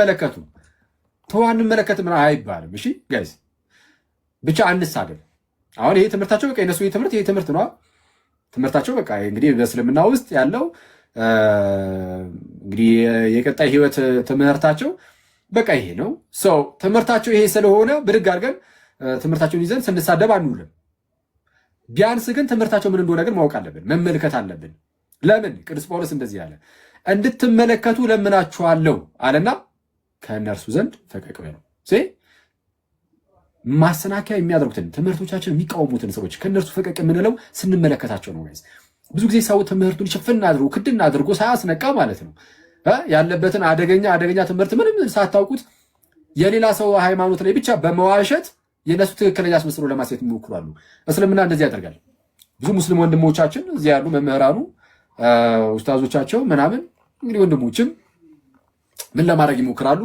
መለከቱ ተው መለከት አይባልም። እሺ ጋይስ ብቻ አንሳደብ። አሁን ይሄ ትምህርታቸው በቃ የነሱ ትምህርት ይሄ ትምህርት ነው ትምህርታቸው በቃ እንግዲህ በእስልምና ውስጥ ያለው እንግዲህ የቀጣይ ህይወት ትምህርታቸው በቃ ይሄ ነው። ሰው ትምህርታቸው ይሄ ስለሆነ ብድግ አድርገን ትምህርታቸውን ይዘን ስንሳደብ አንውልም። ቢያንስ ግን ትምህርታቸው ምን እንደሆነ ግን ማወቅ አለብን፣ መመልከት አለብን። ለምን ቅዱስ ጳውሎስ እንደዚህ አለ፣ እንድትመለከቱ ለምናችኋለሁ አለና ከእነርሱ ዘንድ ፈቀቅ በሉ። ማሰናከያ የሚያደርጉትን ትምህርቶቻችን የሚቃወሙትን ሰዎች ከእነርሱ ፈቀቅ የምንለው ስንመለከታቸው ነው። ብዙ ጊዜ ሰው ትምህርቱን ሽፍን አድርጎ ክድን አድርጎ ሳያስነቃ ማለት ነው ያለበትን አደገኛ አደገኛ ትምህርት ምንም ሳታውቁት የሌላ ሰው ሃይማኖት ላይ ብቻ በመዋሸት የእነሱ ትክክለኛ አስመስሎ ለማስየት ይሞክራሉ። እስልምና እንደዚህ ያደርጋል። ብዙ ሙስሊም ወንድሞቻችን እዚህ ያሉ መምህራኑ፣ ኡስታዞቻቸው ምናምን እንግዲህ ወንድሞችም ምን ለማድረግ ይሞክራሉ?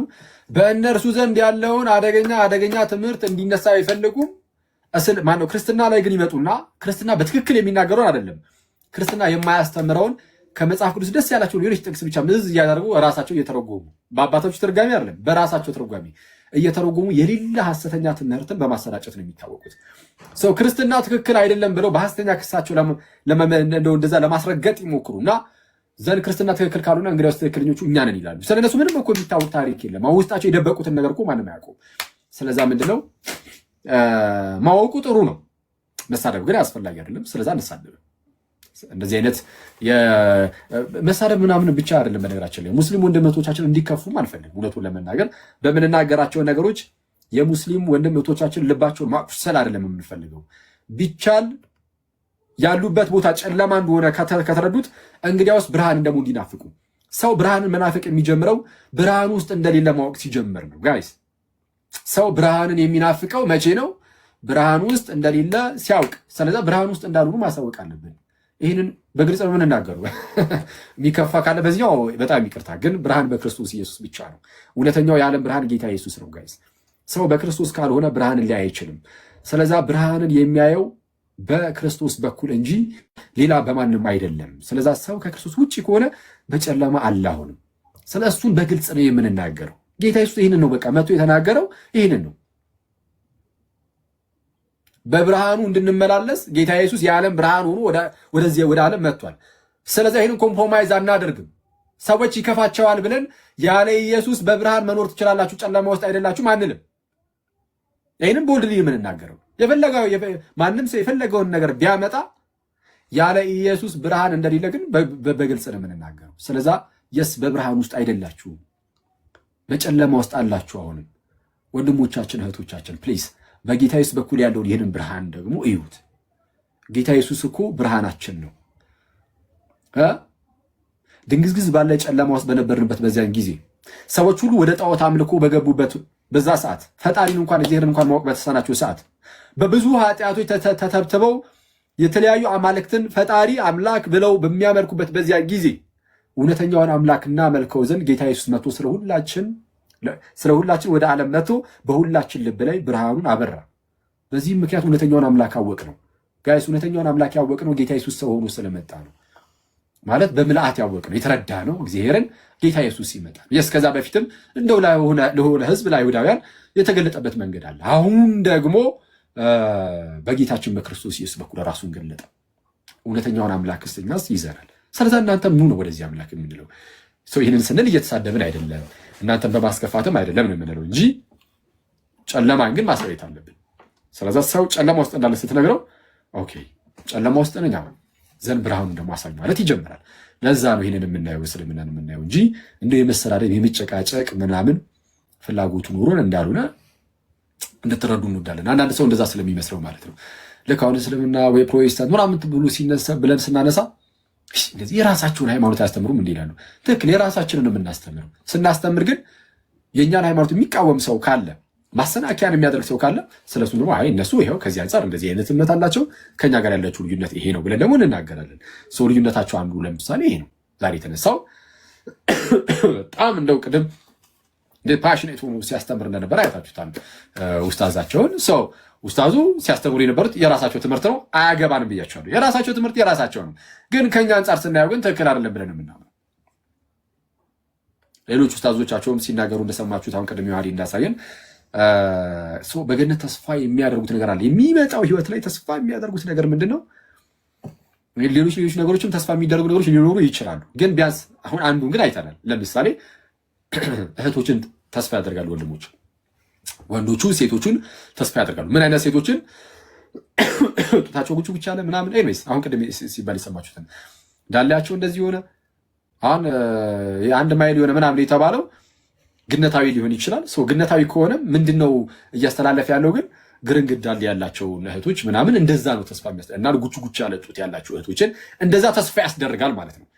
በእነርሱ ዘንድ ያለውን አደገኛ አደገኛ ትምህርት እንዲነሳ አይፈልጉም። ማነው ክርስትና ላይ ግን ይመጡና ክርስትና በትክክል የሚናገረውን አይደለም ክርስትና የማያስተምረውን ከመጽሐፍ ቅዱስ ደስ ያላቸው ሌሎች ጥቅስ ብቻ ምዝ እያደረጉ ራሳቸው እየተረጎሙ በአባቶች ትርጓሜ አይደለም በራሳቸው ትርጓሚ እየተረጎሙ የሌለ ሐሰተኛ ትምህርትን በማሰራጨት ነው የሚታወቁት። ሰው ክርስትና ትክክል አይደለም ብለው በሐሰተኛ ክሳቸው እንደዛ ለማስረገጥ ይሞክሩ እና ዘንድ ክርስትና ትክክል ካልሆነ እንግዲያውስ ትክክለኞቹ እኛ ነን ይላሉ። ስለነሱ ምንም እኮ የሚታወቅ ታሪክ የለም። አሁን ውስጣቸው የደበቁትን ነገር እኮ ማንም አያውቁም። ስለዛ ምንድነው ማወቁ ጥሩ ነው። መሳደብ ግን አስፈላጊ አይደለም። ስለዛ እንሳደብ። እንደዚህ አይነት መሳደብ ምናምን ብቻ አይደለም። በነገራችን ላይ ሙስሊም ወንድመቶቻችን እንዲከፉም አንፈልግም። እውነቱን ለመናገር በምንናገራቸው ነገሮች የሙስሊም ወንድመቶቻችን ልባቸውን ማቁሰል አይደለም የምንፈልገው ቢቻል ያሉበት ቦታ ጨለማ እንደሆነ ከተረዱት እንግዲያውስ ብርሃን ደግሞ እንዲናፍቁ። ሰው ብርሃንን መናፈቅ የሚጀምረው ብርሃን ውስጥ እንደሌለ ማወቅ ሲጀምር ነው። ጋይስ ሰው ብርሃንን የሚናፍቀው መቼ ነው? ብርሃን ውስጥ እንደሌለ ሲያውቅ። ስለዚ ብርሃን ውስጥ እንዳልሆኑ ማሳወቅ አለብን። ይህንን በግልጽ ነው የምንናገረው። የሚከፋ ካለ በዚያው በጣም ይቅርታ። ግን ብርሃን በክርስቶስ ኢየሱስ ብቻ ነው። እውነተኛው የዓለም ብርሃን ጌታ ኢየሱስ ነው። ጋይስ ሰው በክርስቶስ ካልሆነ ብርሃንን ሊያይ አይችልም። ስለዛ ብርሃንን የሚያየው በክርስቶስ በኩል እንጂ ሌላ በማንም አይደለም። ስለዛ ሰው ከክርስቶስ ውጭ ከሆነ በጨለማ አለ። አሁንም ስለ እሱን በግልጽ ነው የምንናገረው። ጌታ ኢየሱስ ይህንን ነው በቃ መቶ የተናገረው ይህንን ነው። በብርሃኑ እንድንመላለስ ጌታ ኢየሱስ የዓለም ብርሃን ሆኖ ወደዚህ ወደ ዓለም መጥቷል። ስለዚ ይህን ኮምፕሮማይዝ አናደርግም። ሰዎች ይከፋቸዋል ብለን ያለ ኢየሱስ በብርሃን መኖር ትችላላችሁ፣ ጨለማ ውስጥ አይደላችሁም አንልም። ይህንም ቦልድሊ የምንናገረው የፈለገው ማንም ሰው የፈለገውን ነገር ቢያመጣ ያለ ኢየሱስ ብርሃን እንደሌለ ግን በግልጽ ነው የምንናገረው። ስለዛ የስ በብርሃን ውስጥ አይደላችሁም፣ በጨለማ ውስጥ አላችሁ። አሁንም ወንድሞቻችን እህቶቻችን፣ ፕሊስ በጌታ ኢየሱስ በኩል ያለውን ይህንን ብርሃን ደግሞ እዩት። ጌታ ኢየሱስ እኮ ብርሃናችን ነው። ድንግዝግዝ ባለ ጨለማ ውስጥ በነበርንበት በዚያን ጊዜ ሰዎች ሁሉ ወደ ጣዖት አምልኮ በገቡበት በዛ ሰዓት ፈጣሪን እንኳን እግዚአብሔርን እንኳን ማወቅ በተሳናቸው ሰዓት በብዙ ኃጢአቶች ተተብትበው የተለያዩ አማልክትን ፈጣሪ አምላክ ብለው በሚያመልኩበት በዚያ ጊዜ እውነተኛውን አምላክ እናመልከው ዘንድ ጌታ ኢየሱስ መቶ ስለሁላችን ስለሁላችን ወደ ዓለም መጥቶ በሁላችን ልብ ላይ ብርሃኑን አበራ። በዚህም ምክንያት እውነተኛውን አምላክ አወቅ ነው ጋይስ፣ እውነተኛውን አምላክ ያወቅ ነው ጌታ ኢየሱስ ሰው ሆኖ ስለመጣ ነው። ማለት በምልአት ያወቅ ነው የተረዳ ነው እግዚአብሔርን ጌታ ኢየሱስ ይመጣል። የስ ከዛ በፊትም እንደው ለሆነ ህዝብ ለአይሁዳውያን የተገለጠበት መንገድ አለ። አሁን ደግሞ በጌታችን በክርስቶስ ኢየሱስ በኩል ራሱን ገለጠ። እውነተኛውን አምላክ ስተኛስ ይዘናል። ስለዛ እናንተ ኑ ነው ወደዚህ አምላክ የምንለው። ይህንን ስንል እየተሳደብን አይደለም፣ እናንተም በማስከፋትም አይደለም ነው የምንለው እንጂ ጨለማን ግን ማሳየት አለብን። ስለዛ ሰው ጨለማ ውስጥ እንዳለ ስትነግረው ኦኬ ጨለማ ውስጥ ነኝ አሁን ዘንድ ብርሃኑን ደግሞ አሳዩ ማለት ይጀምራል። ለዛ ነው ይህንን የምናየው እስልምናን የምናየው እንጂ እንደ የመሰዳደብ የመጨቃጨቅ ምናምን ፍላጎቱ ኑሮን እንዳልሆነ እንድትረዱ እንወዳለን። አንዳንድ ሰው እንደዛ ስለሚመስለው ማለት ነው። ልክ አሁን እስልምና ወይ ፕሮቴስታንት ምናምን ብሎ ሲነሳ ብለን ስናነሳ እንደዚህ የራሳችሁን ሃይማኖት አያስተምሩም እንዲ ይላሉ። ትክክል፣ የራሳችንን የምናስተምረው ስናስተምር ግን የእኛን ሃይማኖት የሚቃወም ሰው ካለ ማሰናከያን የሚያደርግ ሰው ካለ ስለሱ ደግሞ አይ እነሱ ይኸው ከዚህ አንጻር እንደዚህ አይነት እምነት አላቸው ከኛ ጋር ያላቸው ልዩነት ይሄ ነው ብለን ደግሞ እንናገራለን። ሰው ልዩነታቸው አንዱ ለምሳሌ ይሄ ነው ዛሬ የተነሳው በጣም እንደው ቅድም ፓሽኔት ሆኖ ሲያስተምር እንደነበረ አይታችሁታል። ውስታዛቸውን ሰው ውስታዙ ሲያስተምሩ የነበሩት የራሳቸው ትምህርት ነው፣ አያገባንም ብያቸዋሉ። የራሳቸው ትምህርት የራሳቸው ነው፣ ግን ከኛ አንጻር ስናየው ግን ትክክል አይደለም ብለን የምናምነው ሌሎች ውስታዞቻቸውም ሲናገሩ እንደሰማችሁት አሁን ቅድም ዮሐዴ እንዳሳየን ሰው በገነት ተስፋ የሚያደርጉት ነገር አለ። የሚመጣው ህይወት ላይ ተስፋ የሚያደርጉት ነገር ምንድን ነው? ሌሎች ሌሎች ነገሮችም ተስፋ የሚደረጉ ነገሮች ሊኖሩ ይችላሉ። ግን ቢያንስ አሁን አንዱን ግን አይተናል። ለምሳሌ እህቶችን ተስፋ ያደርጋሉ ወንድሞች፣ ወንዶቹ ሴቶቹን ተስፋ ያደርጋሉ። ምን አይነት ሴቶችን? ጡታቸው ጉጭ ብቻ አለ ምናምን። ኤኒዌይስ አሁን ቅድም ሲባል የሰማችሁትን እንዳለያቸው እንደዚህ የሆነ አሁን አንድ ማይል የሆነ ምናምን የተባለው ግነታዊ ሊሆን ይችላል። ግነታዊ ከሆነ ምንድን ነው እያስተላለፈ ያለው ግን ግርንግዳል ያላቸው እህቶች ምናምን እንደዛ ነው ተስፋ የሚያስ እና ጉቹ ጉቹ ያለ ያላቸው እህቶችን እንደዛ ተስፋ ያስደርጋል ማለት ነው።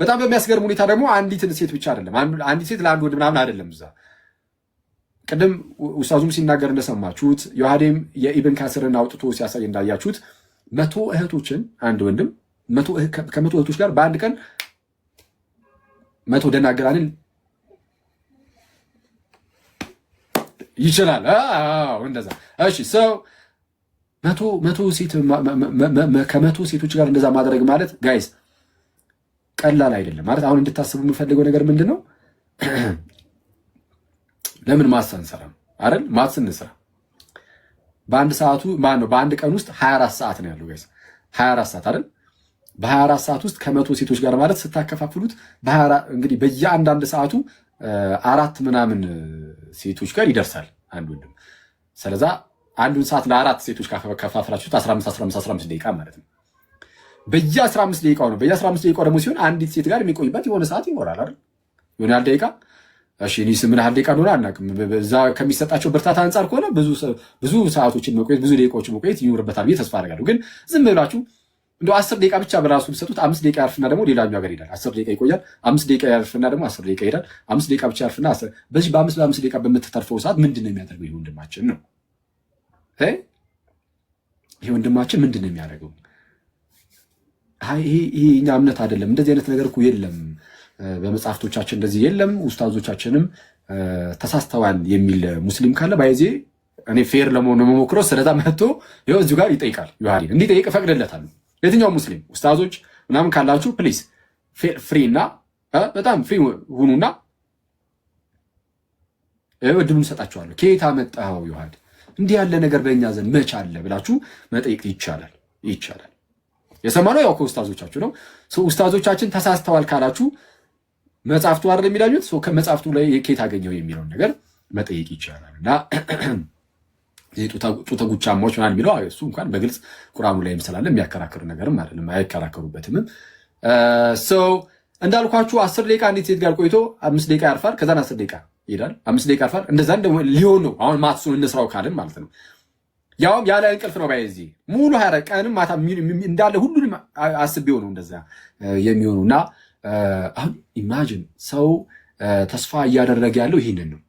በጣም በሚያስገርም ሁኔታ ደግሞ አንዲትን ሴት ብቻ አይደለም፣ አንዲት ሴት ለአንድ ወንድ ምናምን አይደለም። እዛ ቅድም ውስታዙም ሲናገር እንደሰማችሁት ዮሐዴም የኢብን ካስርን አውጥቶ ሲያሳይ እንዳያችሁት መቶ እህቶችን አንድ ወንድም ከመቶ እህቶች ጋር በአንድ ቀን መቶ ደናገላንን ይችላል። አዎ እንደዛ። እሺ ሰው መቶ መቶ ሴት ከመቶ ሴቶች ጋር እንደዛ ማድረግ ማለት ጋይስ ቀላል አይደለም። ማለት አሁን እንድታስቡ የምፈልገው ነገር ምንድን ነው? ለምን ማትስ አንሰራም? አይደል ማትስ እንስራ። በአንድ ሰዓቱ ማነው በአንድ ቀን ውስጥ 24 ሰዓት ነው ያለው ጋይስ 24 ሰዓት አይደል? በ24 ሰዓት ውስጥ ከመቶ ሴቶች ጋር ማለት ስታከፋፍሉት እንግዲህ በየአንዳንድ ሰዓቱ አራት ምናምን ሴቶች ጋር ይደርሳል አንድ ወንድም። ስለዛ አንዱን ሰዓት ለአራት ሴቶች ከፋፍላችሁት 15 ደቂቃ ማለት ነው። በየ15 ደቂቃው ነው። በየ15 ደቂቃው ደግሞ ሲሆን አንዲት ሴት ጋር የሚቆይበት የሆነ ሰዓት ይኖራል አይደል? የሆነ ያህል ደቂቃ እሺ፣ እኔስ ምን ያህል ደቂቃ እንደሆነ አናውቅም። እዛ ከሚሰጣቸው ብርታት አንጻር ከሆነ ብዙ ሰዓቶችን መቆየት ብዙ ደቂቃዎችን መቆየት ይኖርበታል ብዬ ተስፋ አደርጋለሁ። ግን ዝም ብላችሁ እንደ አስር ደቂቃ ብቻ በራሱ ብሰጡት አምስት ደቂቃ ያርፍና ደግሞ ሌላኛው ሀገር ይሄዳል። አስር ደቂቃ ይቆያል። አምስት ደቂቃ ያርፍና ደግሞ አስር ደቂቃ ይሄዳል። አምስት ደቂቃ ብቻ ያርፍና በዚህ በአምስት በአምስት ደቂቃ በምትተርፈው ሰዓት ምንድን ነው የሚያደርገው? ይህ ወንድማችን ነው። ይህ ወንድማችን ምንድን ነው የሚያደርገው? ይሄ እኛ እምነት አይደለም። እንደዚህ አይነት ነገር እኮ የለም በመጽሐፍቶቻችን እንደዚህ የለም። ውስታዞቻችንም ተሳስተዋል የሚል ሙስሊም ካለ ባይዜ እኔ ፌር ለመሆን የምሞክረው ስለዛ መጥቶ ይኸው እዚሁ ጋር ይጠይቃል። ዮሐሪን እንዲጠይቅ እፈቅድለታለሁ የትኛው ሙስሊም ውስታዞች ምናምን ካላችሁ ፕሊስ ፍሪ እና በጣም ፍሪ ሁኑና እድሉን ሰጣችኋለሁ። ከየት አመጣኸው ይዋሃድ እንዲህ ያለ ነገር በእኛ ዘንድ መች አለ ብላችሁ መጠየቅ ይቻላል ይቻላል። የሰማነው ያው ከውስታዞቻችሁ ነው። ውስታዞቻችን ተሳስተዋል ካላችሁ መጽሐፍቱ አይደል የሚላችሁት ከመጽሐፍቱ ላይ ከየት አገኘው የሚለውን ነገር መጠየቅ ይቻላል እና ጡተ ጉቻማዎች ምናምን የሚለው እሱ እንኳን በግልጽ ቁርአኑ ላይ ስላለ የሚያከራክር ነገርም አይደለም፣ አይከራከሩበትም። እንዳልኳችሁ አስር ደቂቃ አንዲት ሴት ጋር ቆይቶ አምስት ደቂቃ ያርፋል፣ ከዛን አስር ደቂቃ ይሄዳል፣ አምስት ደቂቃ ያርፋል። እንደዛ ደግሞ ሊሆን ነው። አሁን ማትሱን እንስራው ካልን ማለት ነው። ያውም ያለ እንቅልፍ ነው ባይዚ ሙሉ ሀረ ቀንም ማታ እንዳለ ሁሉንም አስቤው ነው እንደዛ የሚሆኑ እና አሁን ኢማጅን ሰው ተስፋ እያደረገ ያለው ይህንን ነው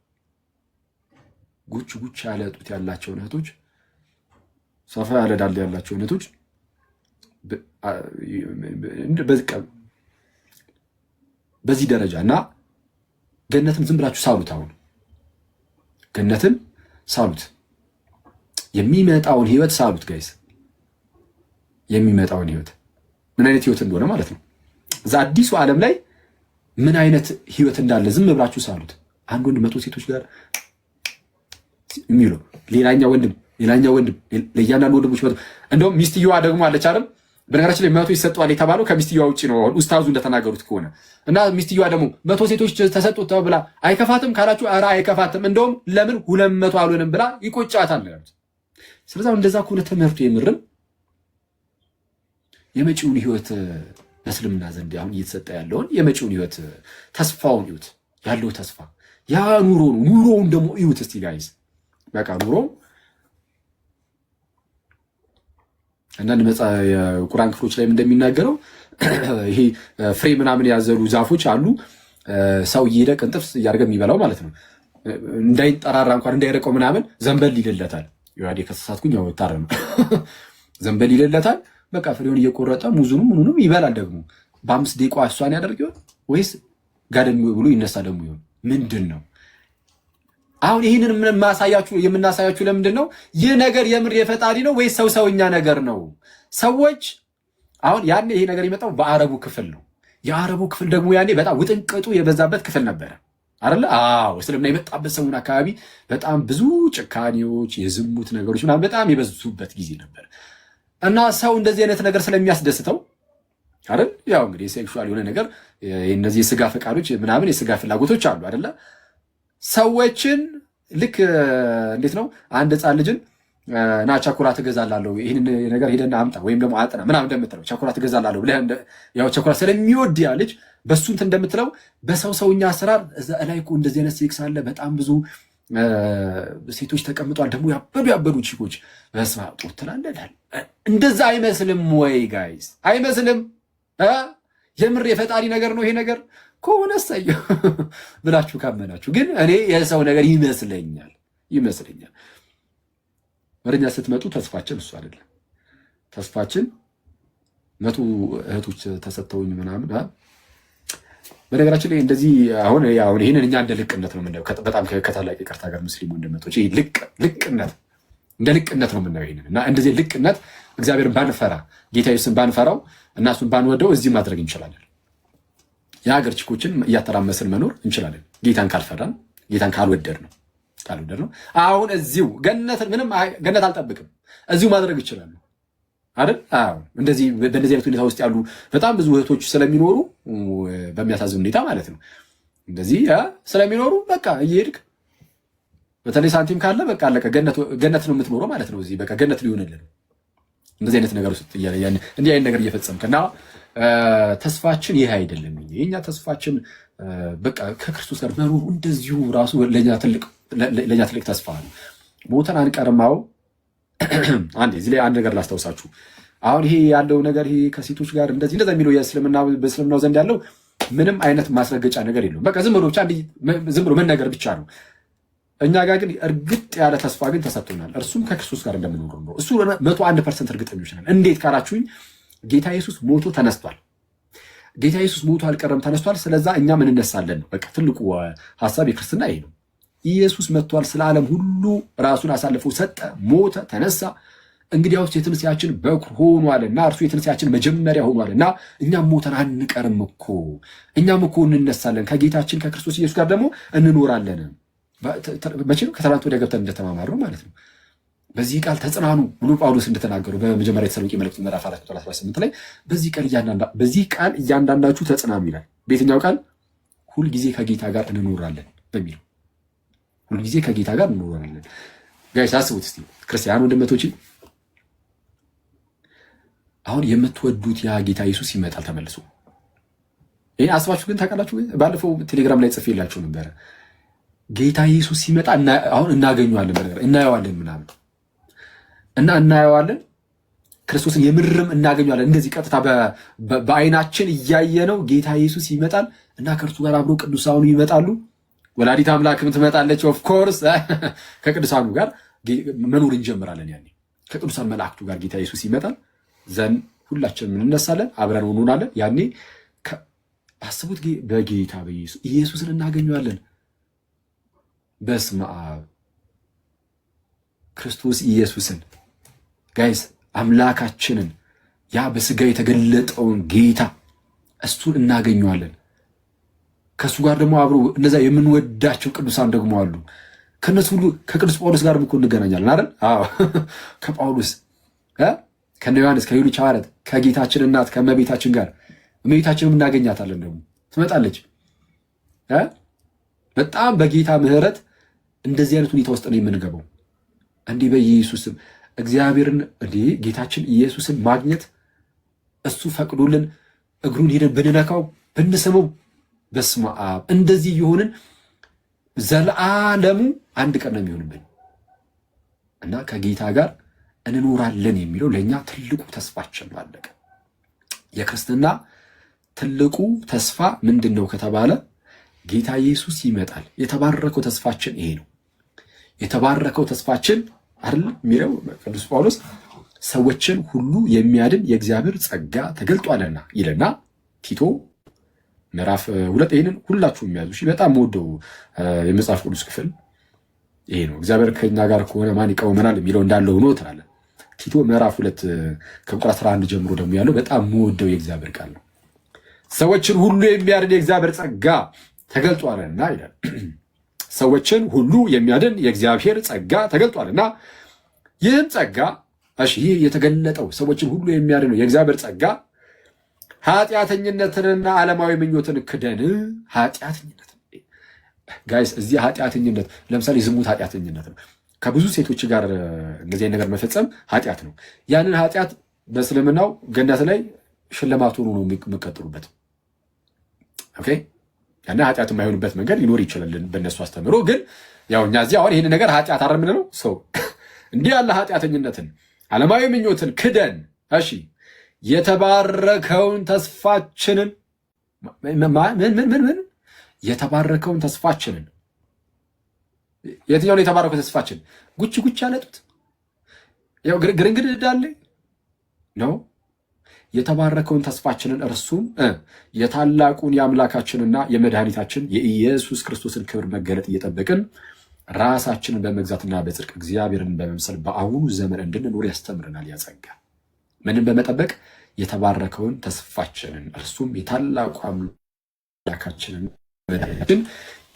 ጉች ጉች ያለ ጡት እህቶች፣ ሰፋ ያለ ዳል ያላቸው እህቶች በዚህ ደረጃ እና ገነትም ዝም ብላችሁ ሳሉት። አሁን ገነትም ሳሉት፣ የሚመጣውን ህይወት ሳሉት። ጋይስ የሚመጣውን ህይወት ምን አይነት ህይወት እንደሆነ ማለት ነው። እዛ አዲሱ ዓለም ላይ ምን አይነት ህይወት እንዳለ ዝም ብላችሁ ሳሉት። አንድ ወንድ መቶ ሴቶች ጋር የሚሉ ሌላኛ ወንድም ሌላኛ ወንድም ለእያንዳንዱ ወንድሞች መቶ እንደውም ሚስትየዋ ደግሞ አለች አይደል በነገራችን ላይ መቶ ይሰጠዋል የተባለው ከሚስትየዋ ውጭ ነው ኡስታዙ እንደተናገሩት ከሆነ እና ሚስትየዋ ደግሞ መቶ ሴቶች ተሰጡት ተብላ አይከፋትም ካላችሁ ኧረ አይከፋትም እንደውም ለምን ሁለት መቶ አልሆንም ብላ ይቆጫታል ያሉት ስለዚ እንደዛ ከሆነ ትምህርቱ የምርም የመጪውን ህይወት በእስልምና ዘንድ አሁን እየተሰጠ ያለውን የመጪውን ህይወት ተስፋውን እዩት ያለው ተስፋ ያ ኑሮ ነው ኑሮውን ደግሞ እዩት እስቲ ጋይዝ በቃ ኑሮ አንዳንድ መጽ የቁርአን ክፍሎች ላይም እንደሚናገረው ይሄ ፍሬ ምናምን ያዘሉ ዛፎች አሉ። ሰው እየሄደ ቅንጥብስ እያደረገ የሚበላው ማለት ነው። እንዳይጠራራ እንኳን እንዳይረቀው ምናምን ዘንበል ይልለታል። ዮሐዴ ከሰሳትኩኝ ያው ታረ ነው። ዘንበል ይልለታል። በቃ ፍሬውን እየቆረጠ ሙዙንም ምኑንም ይበላል። ደግሞ በአምስት ደቂቃ እሷን ያደርግ ይሆን ወይስ ጋደም ብሎ ይነሳ ደግሞ ይሆን ምንድን ነው? አሁን ይህንን የምናሳያችሁ የምናሳያችሁ ለምንድን ነው? ይህ ነገር የምር የፈጣሪ ነው ወይስ ሰው ሰውኛ ነገር ነው? ሰዎች አሁን ያኔ ይሄ ነገር የመጣው በአረቡ ክፍል ነው። የአረቡ ክፍል ደግሞ ያኔ በጣም ውጥንቅጡ የበዛበት ክፍል ነበረ አይደለ? አዎ እስልምና የመጣበት ሰሙን አካባቢ በጣም ብዙ ጭካኔዎች፣ የዝሙት ነገሮች ምናምን በጣም የበዙበት ጊዜ ነበር እና ሰው እንደዚህ አይነት ነገር ስለሚያስደስተው አይደል? ያው እንግዲህ ሴክሹዋል የሆነ ነገር እነዚህ የስጋ ፈቃዶች ምናምን የስጋ ፍላጎቶች አሉ አይደለ? ሰዎችን ልክ እንዴት ነው አንድ ህፃን ልጅን ና ቸኮላ ትገዛላለሁ ይህን ነገር ሄደና አምጣ ወይም ደግሞ አጥና ምናም እንደምትለው ቸኮላ ትገዛላለሁ ብለህ ያው ቸኮላ ስለሚወድ ያ ልጅ በሱ እንትን እንደምትለው በሰው ሰውኛ አሰራር እዛ ላይ እኮ እንደዚህ አይነት ሴክስ አለ። በጣም ብዙ ሴቶች ተቀምጧል። ደግሞ ያበዱ ያበዱ ቺኮች በስማ ጡት ትላለዳል። እንደዛ አይመስልም ወይ ጋይስ? አይመስልም። የምር የፈጣሪ ነገር ነው ይሄ ነገር። ከሆነ ሳየ ብላችሁ ካመናችሁ ግን እኔ የሰው ነገር ይመስለኛል ይመስለኛል። ወደኛ ስትመጡ ተስፋችን እሱ አይደለም። ተስፋችን መቶ እህቶች ተሰጥተውኝ ምናምን በነገራችን ላይ እንደዚህ አሁን አሁን ይህንን እኛ እንደ ልቅነት ነው የምናየው። በጣም ከታላቅ የቅርታ ጋር ሙስሊም ወንድመቶች ልቅነት እንደ ልቅነት ነው የምናየው ይህንን እና እንደዚህ ልቅነት እግዚአብሔርን ባንፈራ ጌታ ኢየሱስን ባንፈራው እና እሱን ባንወደው እዚህ ማድረግ እንችላለን። የሀገር ችኮችን እያተራመስን መኖር እንችላለን። ጌታን ካልፈራን፣ ጌታን ካልወደድ ነው ካልወደድ ነው። አሁን እዚሁ ገነት ምንም ገነት አልጠብቅም እዚሁ ማድረግ ይችላሉ አይደል? አዎ። እንደዚህ በእንደዚህ አይነት ሁኔታ ውስጥ ያሉ በጣም ብዙ እህቶች ስለሚኖሩ በሚያሳዝን ሁኔታ ማለት ነው እንደዚህ ስለሚኖሩ በቃ እየሄድክ በተለይ ሳንቲም ካለ በቃ አለቀ፣ ገነት ነው የምትኖረው ማለት ነው። እዚህ በቃ ገነት ሊሆንልን እንደዚህ አይነት ነገር ውስጥ እንዲህ አይነት ነገር እየፈጸምክ እና ተስፋችን ይህ አይደለም። የኛ ተስፋችን በቃ ከክርስቶስ ጋር መኖሩ እንደዚሁ ራሱ ለእኛ ትልቅ ተስፋ ነው። ሞተን አንቀርማው። አንዴ እዚህ ላይ አንድ ነገር ላስታውሳችሁ። አሁን ይሄ ያለው ነገር ይሄ ከሴቶች ጋር እንደዚህ እንደዛ የሚለው የእስልምና በእስልምናው ዘንድ ያለው ምንም አይነት ማስረገጫ ነገር የለውም። በቃ ዝም ብሎ ብቻ ዝም ብሎ መነገር ብቻ ነው። እኛ ጋር ግን እርግጥ ያለ ተስፋ ግን ተሰጥቶናል። እርሱም ከክርስቶስ ጋር እንደምንኖር ነው። እሱ መቶ አንድ ፐርሰንት እርግጠኞች ነን። እንዴት ካላችሁኝ ጌታ ኢየሱስ ሞቶ ተነስቷል። ጌታ ኢየሱስ ሞቶ አልቀረም ተነስቷል። ስለዛ እኛ ምን እነሳለን? በቃ ትልቁ ሀሳብ የክርስትና ይሄ ነው። ኢየሱስ መጥቷል። ስለ ዓለም ሁሉ ራሱን አሳልፎ ሰጠ፣ ሞተ፣ ተነሳ። እንግዲያውስ የትንሣኤያችን በኩር እና እርሱ የትንሣኤያችን መጀመሪያ እና እኛም ሞተን አንቀርም እኮ እኛም እኮ እንነሳለን፣ ከጌታችን ከክርስቶስ ኢየሱስ ጋር ደግሞ እንኖራለን። መቼ ነው? ከትናንት ወዲያ ገብተን እንደተማማር ነው ማለት ነው። በዚህ ቃል ተጽናኑ ብሎ ጳውሎስ እንደተናገሩ በመጀመሪያ የተሰሎንቄ መልእክት ምዕራፍ 4 ቁጥር 18 ላይ በዚህ ቃል እያንዳንዳችሁ ተጽናኑ ይላል። በየትኛው ቃል? ሁልጊዜ ከጌታ ጋር እንኖራለን በሚለው ሁልጊዜ ከጌታ ጋር እንኖራለን። ጋይስ አስቡት እስቲ ክርስቲያን ወንድመቶች፣ አሁን የምትወዱት ያ ጌታ ኢየሱስ ይመጣል ተመልሶ። ይህ አስባችሁ ግን ታውቃላችሁ። ባለፈው ቴሌግራም ላይ ጽፌላችሁ ነበረ። ጌታ ኢየሱስ ሲመጣ አሁን እናገኘዋለን፣ በነገር እናየዋለን ምናምን እና እናየዋለን ክርስቶስን የምርም እናገኘዋለን። እንደዚህ ቀጥታ በአይናችን እያየ ነው ጌታ ኢየሱስ ይመጣል እና ከእርሱ ጋር አብሮ ቅዱሳኑ ይመጣሉ። ወላዲት አምላክም ትመጣለች። ኦፍኮርስ ከቅዱሳኑ ጋር መኖር እንጀምራለን። ያኔ ከቅዱሳን መላእክቱ ጋር ጌታ ኢየሱስ ይመጣል ዘን ሁላችንም እንነሳለን፣ አብረን እንሆናለን። ያኔ አስቡት፣ በጌታ በኢየሱስ ኢየሱስን እናገኘዋለን። በስመ አብ ክርስቶስ ኢየሱስን ጋይስ አምላካችንን ያ በስጋ የተገለጠውን ጌታ እሱን እናገኘዋለን። ከእሱ ጋር ደግሞ አብሮ እነዚያ የምንወዳቸው ቅዱሳን ደግሞ አሉ። ከእነሱ ሁሉ ከቅዱስ ጳውሎስ ጋር እኮ እንገናኛለን አይደል? አዎ ከጳውሎስ ከነ ዮሐንስ ከሌሎች ሐዋርያት ከጌታችን እናት ከእመቤታችን ጋር እመቤታችንም እናገኛታለን። ደግሞ ትመጣለች። በጣም በጌታ ምሕረት እንደዚህ አይነት ሁኔታ ውስጥ ነው የምንገባው። እንዲህ በኢየሱስም እግዚአብሔርን ጌታችን ኢየሱስን ማግኘት እሱ ፈቅዶልን እግሩን ሄደን ብንነካው ብንስመው በስመ አብ እንደዚህ የሆንን ዘለዓለሙ አንድ ቀን ነው የሚሆንብን እና ከጌታ ጋር እንኖራለን የሚለው ለእኛ ትልቁ ተስፋችን አለቀ። የክርስትና ትልቁ ተስፋ ምንድን ነው ከተባለ ጌታ ኢየሱስ ይመጣል። የተባረከው ተስፋችን ይሄ ነው። የተባረከው ተስፋችን አይደል የሚለው ቅዱስ ጳውሎስ ሰዎችን ሁሉ የሚያድን የእግዚአብሔር ጸጋ ተገልጧልና ይለና ቲቶ ምዕራፍ ሁለት ይህንን ሁላችሁ የሚያዙ በጣም ወደው የመጽሐፍ ቅዱስ ክፍል ይሄ ነው። እግዚአብሔር ከኛ ጋር ከሆነ ማን ይቃወመናል የሚለው እንዳለው ነው ትላለ። ቲቶ ምዕራፍ ሁለት ከቁጥር 11 ጀምሮ ደግሞ ያለው በጣም ወደው የእግዚአብሔር ቃል ነው። ሰዎችን ሁሉ የሚያድን የእግዚአብሔር ጸጋ ተገልጧልና ይላል። ሰዎችን ሁሉ የሚያድን የእግዚአብሔር ጸጋ ተገልጧልና ይህም ጸጋ እሺ ይህ የተገለጠው ሰዎችን ሁሉ የሚያድነው የእግዚአብሔር ጸጋ ኃጢአተኝነትንና ዓለማዊ ምኞትን ክደን ኃጢአተኝነት ጋይስ እዚህ ኃጢአተኝነት ለምሳሌ ዝሙት ኃጢአተኝነት ነው። ከብዙ ሴቶች ጋር እንደዚህ ነገር መፈጸም ኃጢአት ነው። ያንን ኃጢአት በእስልምናው ገነት ላይ ሽልማቱ ሆኖ ነው የሚቀጥሉበት። ኦኬ እና ኃጢአት የማይሆንበት መንገድ ሊኖር ይችላል። በእነሱ አስተምሮ ግን ያው እኛ እዚህ አሁን ይህን ነገር ኃጢአት አረ የምንለው ሰው እንዲህ ያለ ኃጢአተኝነትን ዓለማዊ ምኞትን ክደን እሺ የተባረከውን ተስፋችንን ምን ምን ምን የተባረከውን ተስፋችንን የትኛውን የተባረከው ተስፋችን ጉች ጉች ያለጡት ያው ግርግድ እንዳለ ነው። የተባረከውን ተስፋችንን እርሱም የታላቁን የአምላካችንና የመድኃኒታችን የኢየሱስ ክርስቶስን ክብር መገለጥ እየጠበቅን ራሳችንን በመግዛትና በጽድቅ እግዚአብሔርን በመምሰል በአሁኑ ዘመን እንድንኖር ያስተምረናል። ያጸጋ ምንም በመጠበቅ የተባረከውን ተስፋችንን እርሱም የታላቁ አምላካችንን መድኃኒታችን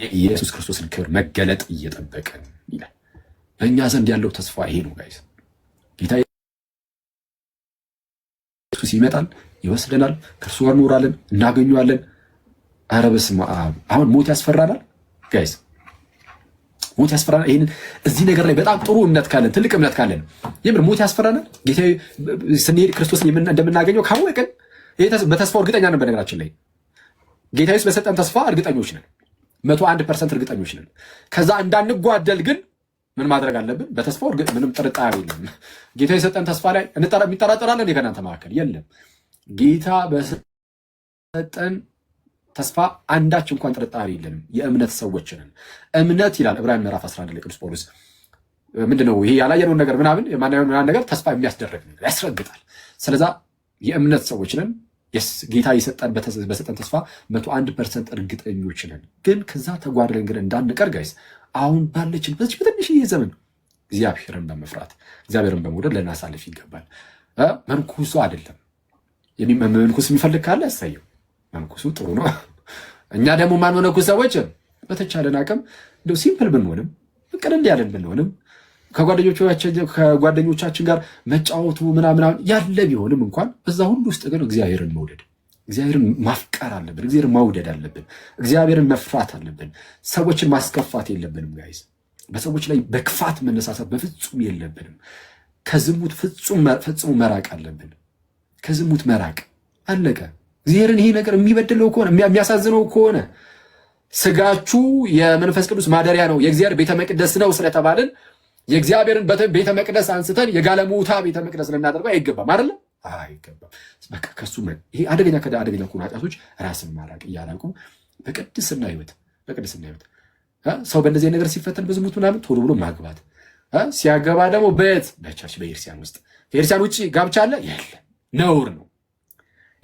የኢየሱስ ክርስቶስን ክብር መገለጥ እየጠበቅን ይላል። በእኛ ዘንድ ያለው ተስፋ ይሄ ነው ጋይስ ጌታ ኢየሱስ ይመጣል፣ ይወስደናል፣ ከእርሱ ጋር እንኖራለን፣ እናገኘዋለን። ኧረ በስመ አብ! አሁን ሞት ያስፈራናል ጋይስ፣ ሞት ያስፈራናል። ይህንን እዚህ ነገር ላይ በጣም ጥሩ እምነት ካለን ትልቅ እምነት ካለን የምር ሞት ያስፈራናል። ጌታ ስንሄድ ክርስቶስን እንደምናገኘው ካወቅን በተስፋ እርግጠኛ ነን። በነገራችን ላይ ጌታ በሰጠን ተስፋ እርግጠኞች ነን፣ መቶ አንድ ፐርሰንት እርግጠኞች ነን። ከዛ እንዳንጓደል ግን ምን ማድረግ አለብን? በተስፋ እርግጥ ምንም ጥርጣሬ የለም። ጌታ የሰጠን ተስፋ ላይ የሚጠራጠራለን? ከእናንተ መካከል የለም። ጌታ በሰጠን ተስፋ አንዳች እንኳን ጥርጣሬ የለንም። የእምነት ሰዎች ነን። እምነት ይላል ዕብራውያን ምዕራፍ 11 ላይ ቅዱስ ጳውሎስ ምንድነው ይሄ ያላየነውን ነገር ምናምን የማናየውን ነገር ተስፋ የሚያስደረግ ነገር ያስረግጣል። ስለዛ የእምነት ሰዎች ነን። ጌታ የሰጠን በሰጠን ተስፋ መቶ አንድ ፐርሰንት እርግጠኞች ነን። ግን ከዛ ተጓድለን ግን እንዳንቀር ጋይስ አሁን ባለችን በዚህ በትንሽዬ ዘመን እግዚአብሔርን በመፍራት እግዚአብሔርን በመውደድ ልናሳልፍ ይገባል። መንኩሱ አይደለም መንኩስ የሚፈልግ ካለ ያሳየው። መንኩሱ ጥሩ ነው። እኛ ደግሞ ማንመነኩ ሰዎች በተቻለን አቅም እንደው ሲምፕል ብንሆንም ቀለል ያለን ብንሆንም ከጓደኞቻችን ጋር መጫወቱ ምናምናምን ያለ ቢሆንም እንኳን በዛ ሁሉ ውስጥ ግን እግዚአብሔርን መውደድ እግዚአብሔርን ማፍቀር አለብን። እግዚአብሔር ማውደድ አለብን። እግዚአብሔርን መፍራት አለብን። ሰዎችን ማስከፋት የለብንም። ጋይዝ በሰዎች ላይ በክፋት መነሳሳት በፍጹም የለብንም። ከዝሙት ፈጽሞ መራቅ አለብን። ከዝሙት መራቅ አለቀ። እግዚአብሔርን ይሄ ነገር የሚበድለው ከሆነ የሚያሳዝነው ከሆነ ስጋችሁ የመንፈስ ቅዱስ ማደሪያ ነው፣ የእግዚአብሔር ቤተ መቅደስ ነው ስለተባልን የእግዚአብሔርን ቤተ መቅደስ አንስተን የጋለሞታ ቤተ መቅደስ ልናደርገው አይገባም አይደለም። አይገባም። በቃ ከሱ ይሄ አደገኛ ከ አደገኛ ከሆኑ ኃጢአቶች ራስን ማራቅ እያላቁ በቅድስና ህይወት በቅድስና ህይወት ሰው በእንደዚህ ነገር ሲፈተን በዝሙት ምናምን ቶሎ ብሎ ማግባት ሲያገባ ደግሞ በየት በቸርች በኤርሲያን ውስጥ ከኤርሲያን ውጭ ጋብቻ አለ የለ ነውር ነው።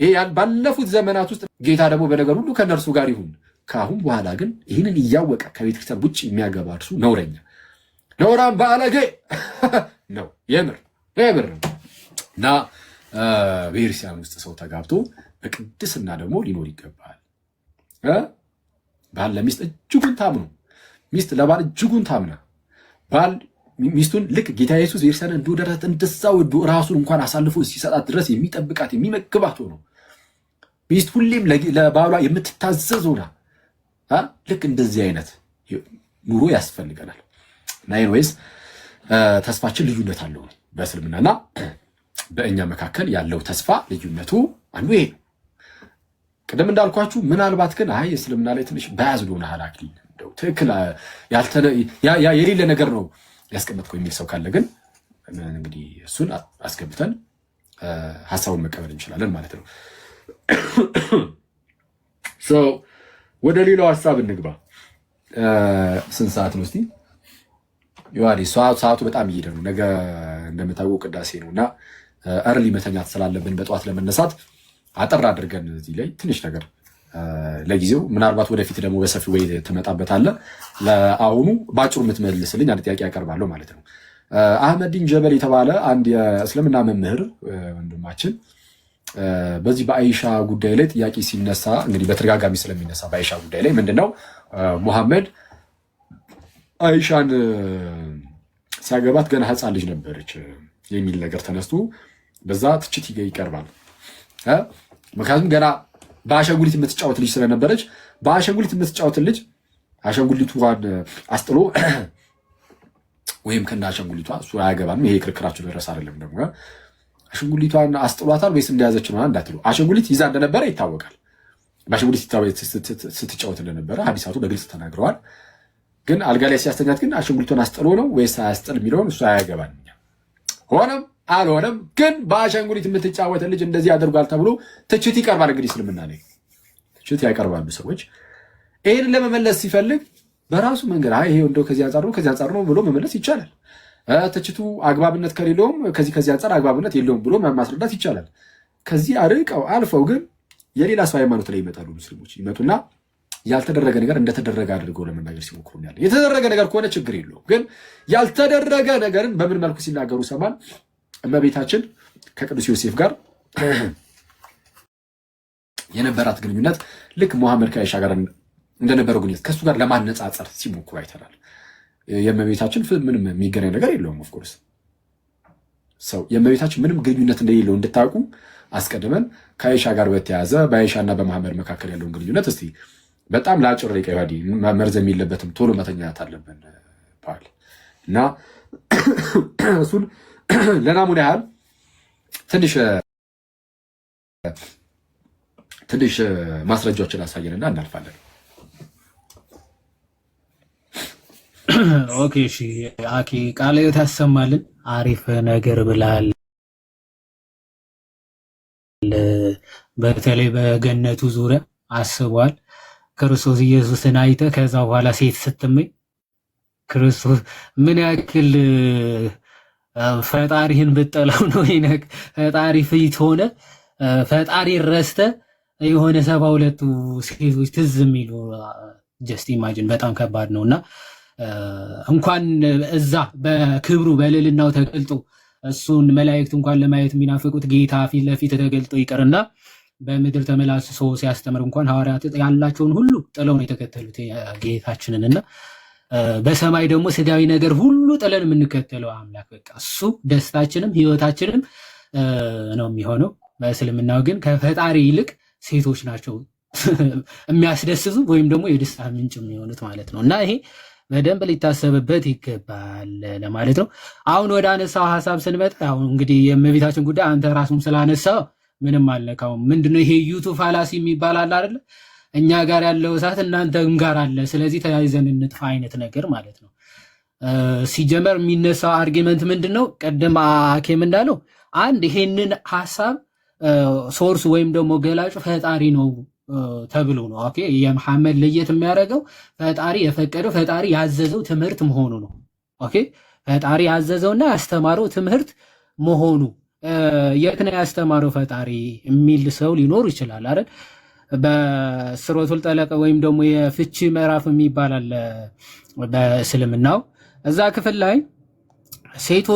ይሄ ባለፉት ዘመናት ውስጥ ጌታ ደግሞ በነገር ሁሉ ከእነርሱ ጋር ይሁን። ከአሁን በኋላ ግን ይህንን እያወቀ ከቤተክርስቲያን ውጭ የሚያገባ እርሱ ነውረኛ ነውራም በአለጌ ነው። የምር የምር ነው እና ቤተክርስቲያን ውስጥ ሰው ተጋብቶ በቅድስና ደግሞ ሊኖር ይገባል። ባል ለሚስት እጅጉን ታምኖ፣ ሚስት ለባል እጅጉን ታምና፣ ባል ሚስቱን ልክ ጌታ ኢየሱስ ቤተክርስቲያን እንደወደዳት እንደዛ ወዶ ራሱን እንኳን አሳልፎ ሲሰጣት ድረስ የሚጠብቃት የሚመግባት ሆኖ ሚስት ሁሌም ለባሏ የምትታዘዝ ሆና ልክ እንደዚህ አይነት ኑሮ ያስፈልገናል። ናይን ወይስ ተስፋችን ልዩነት አለው በእስልምናና በእኛ መካከል ያለው ተስፋ ልዩነቱ አንዱ ይሄ ነው። ቅድም እንዳልኳችሁ ምናልባት ግን አይ እስልምና ላይ ትንሽ በያዝ ዶሆነ አክሊል ትክክል የሌለ ነገር ነው ያስቀመጥከው የሚል ሰው ካለ ግን እንግዲህ እሱን አስገብተን ሀሳቡን መቀበል እንችላለን ማለት ነው። ወደ ሌላው ሀሳብ እንግባ። ስንት ሰዓት ነው? እስቲ ዮሐዴ ሰዓቱ በጣም እየሄደ ነው። ነገ እንደምታወቅ ቅዳሴ ነው እና እርሊ መተኛት ስላለብን በጠዋት ለመነሳት አጠር አድርገን እዚህ ላይ ትንሽ ነገር ለጊዜው ምናልባት ወደፊት ደግሞ በሰፊ ወይ ትመጣበታለህ። ለአሁኑ በአጭሩ የምትመልስልኝ አንድ ጥያቄ ያቀርባለሁ ማለት ነው። አህመዲን ጀበል የተባለ አንድ የእስልምና መምህር ወንድማችን በዚህ በአይሻ ጉዳይ ላይ ጥያቄ ሲነሳ እንግዲህ በተደጋጋሚ ስለሚነሳ በአይሻ ጉዳይ ላይ ምንድነው ሙሐመድ አይሻን ሲያገባት ገና ህፃ ልጅ ነበረች የሚል ነገር ተነስቶ በዛ ትችት ይቀርባል። ምክንያቱም ገና በአሻንጉሊት የምትጫወት ልጅ ስለነበረች በአሻንጉሊት የምትጫወት ልጅ አሻንጉሊቷን አስጥሎ ወይም ከነ አሸንጉሊቷ እሱ አያገባም። ይሄ ክርክራቸው ደረስ አይደለም። ደግሞ አሸንጉሊቷን አስጥሏታል ወይስ እንደያዘች ነው እንዳትሉ። አሸንጉሊት ይዛ እንደነበረ ይታወቃል። በአሸንጉሊት ስትጫወት እንደነበረ ሐዲሳቱ በግልጽ ተናግረዋል። ግን አልጋ ላይ ሲያስተኛት ግን አሸንጉሊቷን አስጥሎ ነው ወይስ አያስጥል የሚለውን እሱ አያገባን። ሆነም አልሆነም። ግን በአሻንጉሊት የምትጫወተ ልጅ እንደዚህ አድርጓል ተብሎ ትችት ይቀርባል። እንግዲህ እስልምና ላይ ትችት ያቀርባሉ ሰዎች። ይህን ለመመለስ ሲፈልግ በራሱ መንገድ ይሄ እንደው ከዚህ አንጻር ነው ከዚህ አንጻር ነው ብሎ መመለስ ይቻላል። ትችቱ አግባብነት ከሌለውም ከዚህ ከዚህ አንጻር አግባብነት የለውም ብሎ ማስረዳት ይቻላል። ከዚህ አርቀው አልፈው ግን የሌላ ሰው ሃይማኖት ላይ ይመጣሉ። ሙስሊሞች ይመጡና ያልተደረገ ነገር እንደተደረገ አድርገው ለመናገር ሲሞክሩ ያለ የተደረገ ነገር ከሆነ ችግር የለውም። ግን ያልተደረገ ነገርን በምን መልኩ ሲናገሩ ሰማን እመቤታችን ከቅዱስ ዮሴፍ ጋር የነበራት ግንኙነት ልክ ሙሐመድ ከአይሻ ጋር እንደነበረው ግንኙነት ከእሱ ጋር ለማነጻጸር ሲሞክሩ አይተናል። የእመቤታችን ምንም የሚገናኝ ነገር የለውም። ኦፍኮርስ ሰው የእመቤታችን ምንም ግንኙነት እንደሌለው እንድታውቁ አስቀድመን ከአይሻ ጋር በተያያዘ እና በመሐመድ መካከል ያለውን ግንኙነት እስቲ በጣም ለአጭር ደቂቃ ይባዲ መርዘም የሚለበትም ቶሎ መተኛት አለብን በል እና እሱን ለናሙን ያህል ትንሽ ትንሽ ማስረጃዎችን አሳየንና እናልፋለን። ኦኬ እሺ፣ አኪ ቃለ ሕይወት ያሰማልን። አሪፍ ነገር ብላል። በተለይ በገነቱ ዙሪያ አስቧል። ክርስቶስ ኢየሱስን አይተ ከዛ በኋላ ሴት ስትመኝ ክርስቶስ ምን ያክል ፈጣሪህን ብጠላው ነው ይነክ ፈጣሪ ፊት ሆነ ፈጣሪ ረስተ የሆነ ሰባ ሁለቱ ሴቶች ትዝ የሚሉ ጀስት ኢማጅን በጣም ከባድ ነው እና እንኳን እዛ በክብሩ በልልናው ተገልጦ እሱን መላእክት እንኳን ለማየት የሚናፍቁት ጌታ ፊት ለፊት ተገልጦ ይቅርና በምድር ተመላስሶ ሲያስተምር እንኳን ሐዋርያት ያላቸውን ሁሉ ጥለው ነው የተከተሉት ጌታችንን እና በሰማይ ደግሞ ስጋዊ ነገር ሁሉ ጥለን የምንከተለው አምላክ በቃ እሱ ደስታችንም ህይወታችንም ነው የሚሆነው። በእስልምናው ግን ከፈጣሪ ይልቅ ሴቶች ናቸው የሚያስደስቱ ወይም ደግሞ የደስታ ምንጭ የሚሆኑት ማለት ነው እና ይሄ በደንብ ሊታሰብበት ይገባል ለማለት ነው። አሁን ወደ አነሳው ሀሳብ ስንመጣ አሁን እንግዲህ የእመቤታችን ጉዳይ አንተ ራሱም ስላነሳው ምንም አለካው ምንድነው ይሄ ዩቱ ፋላሲ የሚባል አለ አይደለ? እኛ ጋር ያለው እሳት እናንተም ጋር አለ፣ ስለዚህ ተያይዘን እንጥፋ አይነት ነገር ማለት ነው። ሲጀመር የሚነሳው አርጊመንት ምንድን ነው? ቅድም አኬም እንዳለው አንድ ይሄንን ሀሳብ ሶርስ ወይም ደግሞ ገላጩ ፈጣሪ ነው ተብሎ ነው። ኦኬ የመሐመድ ለየት የሚያደርገው ፈጣሪ የፈቀደው ፈጣሪ ያዘዘው ትምህርት መሆኑ ነው። ኦኬ ፈጣሪ ያዘዘውና ያስተማረው ትምህርት መሆኑ የት ነው ያስተማረው ፈጣሪ የሚል ሰው ሊኖር ይችላል አይደል? በስሮቱል ጠለቅ ወይም ደግሞ የፍቺ ምዕራፍ የሚባል አለ በእስልምናው እዛ ክፍል ላይ ሴቶ